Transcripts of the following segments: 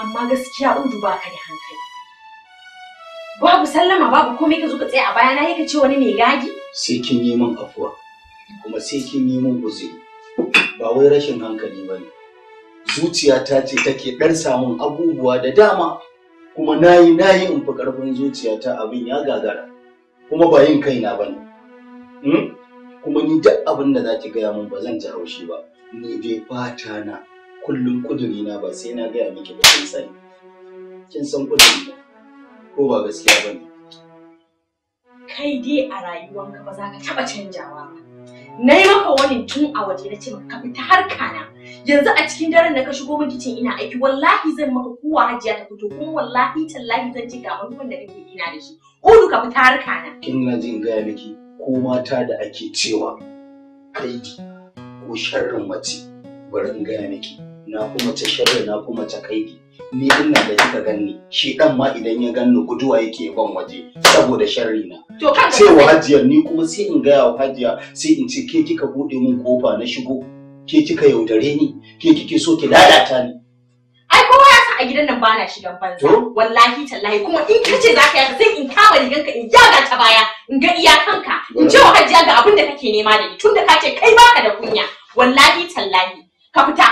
Amma gaskiya Udu ba ka da hankali. Babu sallama babu komai ka zo ka tsaya a bayana ya ka ce wani mai gadi? Sai kin yi min afuwa kuma sai kin yi min guzuri. Ba wai rashin hankali ba ne. Zuciyata ce take ɗan samun abubuwa da dama kuma nayi nayi in fi ƙarfin zuciyata abin ya gagara kuma ba yin kaina ba ne. Hmm? kuma ni duk abin da za ki gaya min ba zan ji haushi ba ni dai fata na kullum kuduri na ba sai na gaya miki ba kin sani kin san kuduri ba ko ba gaskiya ba kai dai a rayuwanka ba za ka taba canjawa ba na yi maka wani tun a waje na ce maka ka fita harka na yanzu a cikin daren da ka shigo min kicin ina aiki wallahi zan maka kowa hajiya ta fito kuma wallahi tallahi zan ci ga manufan da kake ina da shi ko ka fita harka na kin na jin gaya miki ko mata da ake cewa kaidi ko sharrin mace bari in gaya miki na kuma ta sharri na kuma ta kaidi ni ina da kika ganni shi dan ma idan ya ganni guduwa yake ban waje saboda sharri na cewa hajiya ni kuma sai in gaya wa hajiya sai in ce ke kika bude min kofa na shigo ke kika yaudare ni ke kike so ki lalata ni a gidan nan bana shigan banza wallahi tallahi kuma in ka ce zaka yi sai in kama rigan ka in yaga ta baya in ga kanka, in ce wa hajjiya ga abin da kake nema da ni tunda ka ce kai baka da kunya wallahi tallahi ka fita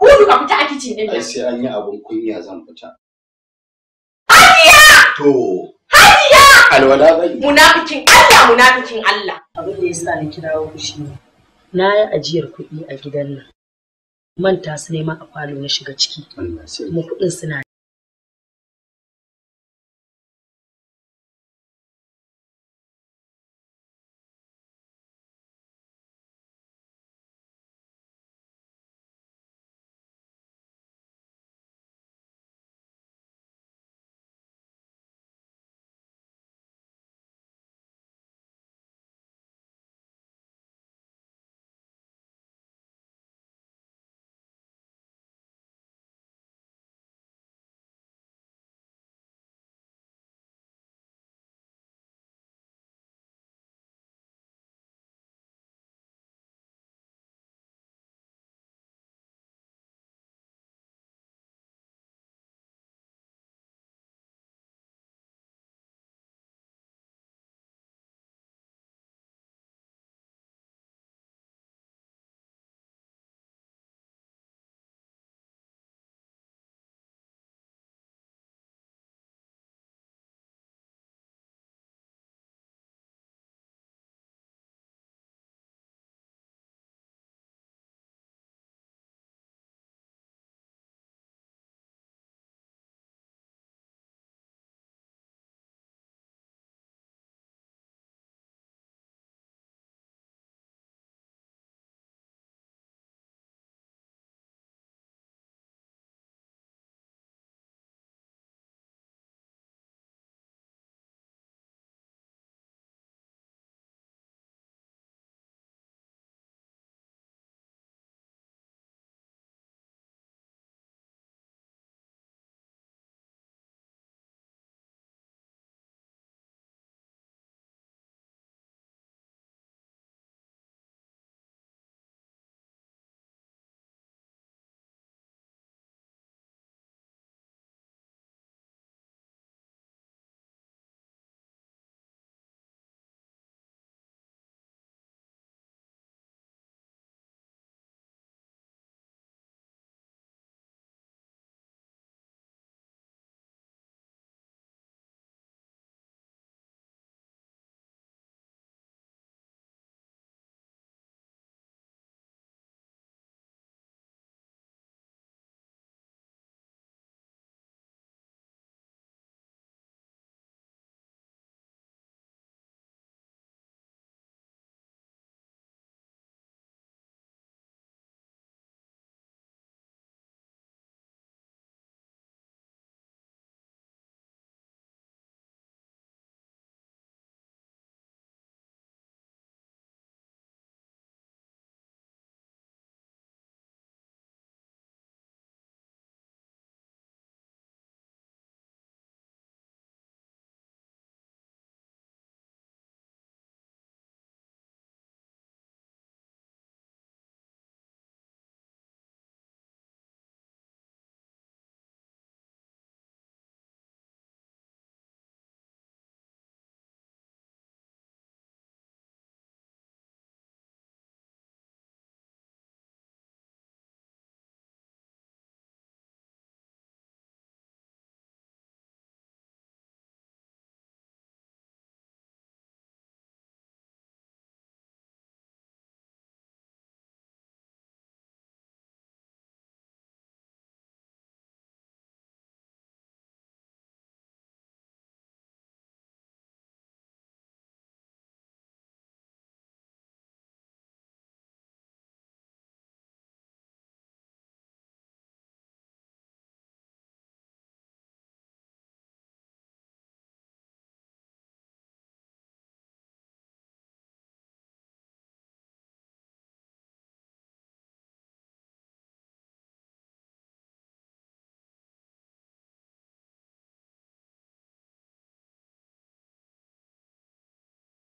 Udu ka fita a kicin din nan. Sai an yi abun kunya zan fita. Hajiya! To. Hajiya! Alwala bai. Munafikin Allah munafikin Allah. Abin da ya sa ni kirawo ku shi ne. Na yi ajiyar kuɗi a gidan nan. manta su nema a falo na shiga ciki kuma kuɗin suna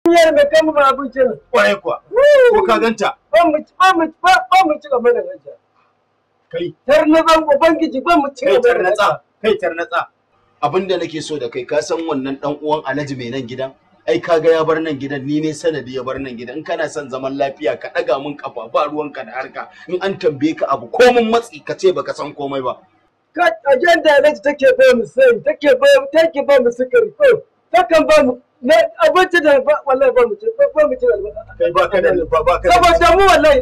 Yar da kan mu abincin. Kwaye kuwa. Ko ka ganta? Ban mu ban mu ban mu ci gaba da ganta. Kai. Tarnatsan Ubangiji ban mu ci gaba da ganta. Kai tarnatsa. Abinda nake so da kai ka san wannan dan uwan Alhaji mai nan gidan? ai kaga ya bar nan gidan ni ne sanadi ya bar nan gidan in kana son zaman lafiya ka daga min kafa ba ruwanka da harka in an tambaye ka abu komun matsi ka ce baka san komai ba ka ajanda ne take ba mu sai take ba take ba mu sukari ko takan ba mu na abinci da wallahi ba mu ci ba mu ci albarka kai ba ka da ba ba ka saboda mu wallahi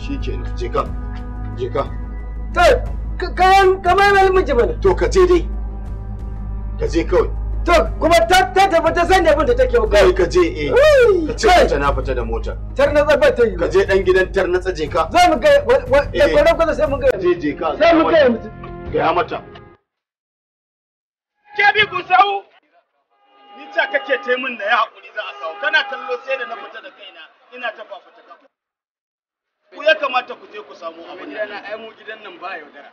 shi ke jika jika to kayan kamar wani miji bane to ka je dai ka je kawai to kuma ta ta tafi ta sani abin da take yau kai ka je eh ka ce ta na fita da mota tar na tsafa ta yi ka je dan gidan tar na tsaje ka za mu ga wannan kwanan sai mun ga je je ka sai mu ga ga mata ke bi sau. ni ta kake ta min da ya hakuri za a kawo kana kallo sai da na fita da kaina ina ta fafata ka ku ya kamata ku je ku samu abin da na ai mu gidan nan ba yaudara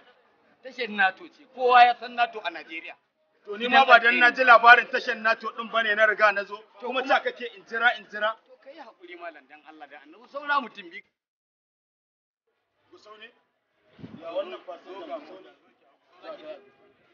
tashar NATO ce kowa ya san NATO a Najeriya to ni ma ba dan na ji labarin tashar NATO din bane na riga na zo kuma ta kake in jira in jira to kai hakuri malam dan Allah da annabi saura mutum bi sau ne ya wannan fasoka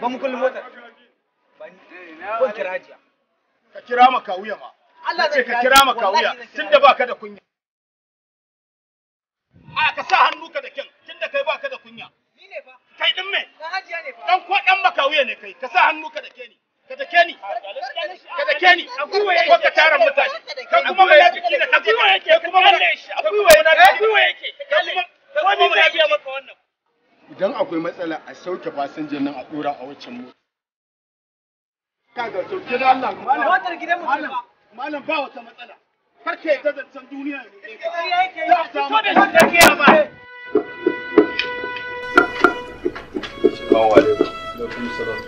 ba mu kullum motar ban kira jiya ka kira ma kawuya ma Allah ce ka kira ma kawuya tunda baka da kunya a ka sa hannu ka da kyan tunda kai baka da kunya ni ne fa kai din me dan hajiya ne fa dan ko dan makawuya ne kai ka sa hannu ka da keni ka da keni ka da keni ko ka tara mutane ka kuma mai jiki da ka kuma yake kuma mai shi akwai wai akwai matsala a sauke fasinjan nan a dora a waccan mota kaga to Allah malam gidan mutum malam ba wata matsala karka ta zancen duniya ne eh, za a samu da ba Assalamu alaikum.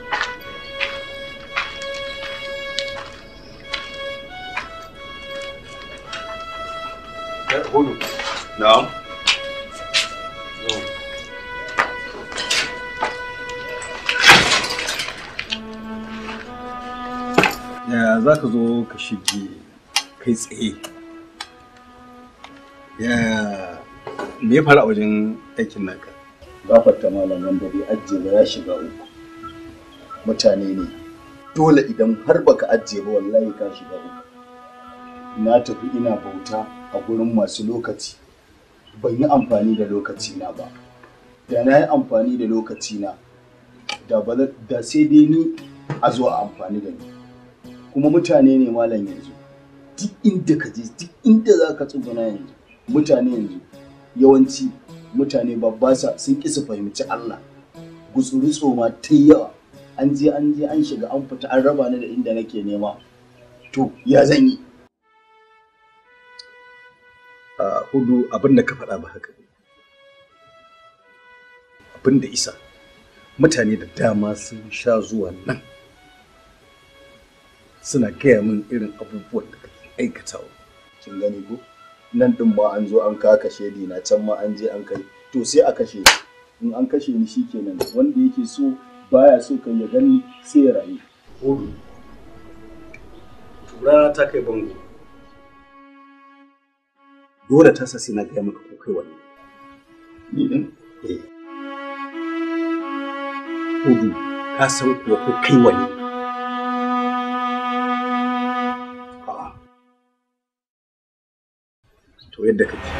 Alaikum eh, hudu. Na'am. za ka zo ka shige kai tsaye me ya fara a wajen aikin naka gafarta malaman dare ajiye ba ya shiga uku mutane ne dole idan har baka ajiye ba wallahi ka shiga uku na tafi ina bauta a gurin masu lokaci ban yi amfani da lokaci na ba da na yi amfani da lokaci na da sai dai ni a zuwa a amfani da ni kuma mutane ne malam yanzu duk inda ka je duk inda za ka tsuguna yanzu mutane yanzu yawanci mutane babba sa sun ƙi fahimci Allah gutsuri tsoma ta yawa an je an je an shiga an fita an raba ni da inda nake nema to ya zan yi a hudu abin da ka faɗa ba haka abin da isa mutane da dama sun sha zuwa nan suna gaya min irin abubuwan da kake aikatawa kin gani ko nan din ma an zo an ka kashe ni na can ma an je an kai to sai a kashe ni in an kashe ni shikenan wanda yake so baya so kai ya gani sai ya rayu tura ta kai bango dole ta sai na gaya maka ko kai wani ni din eh ka san ko kai wani দেখেছি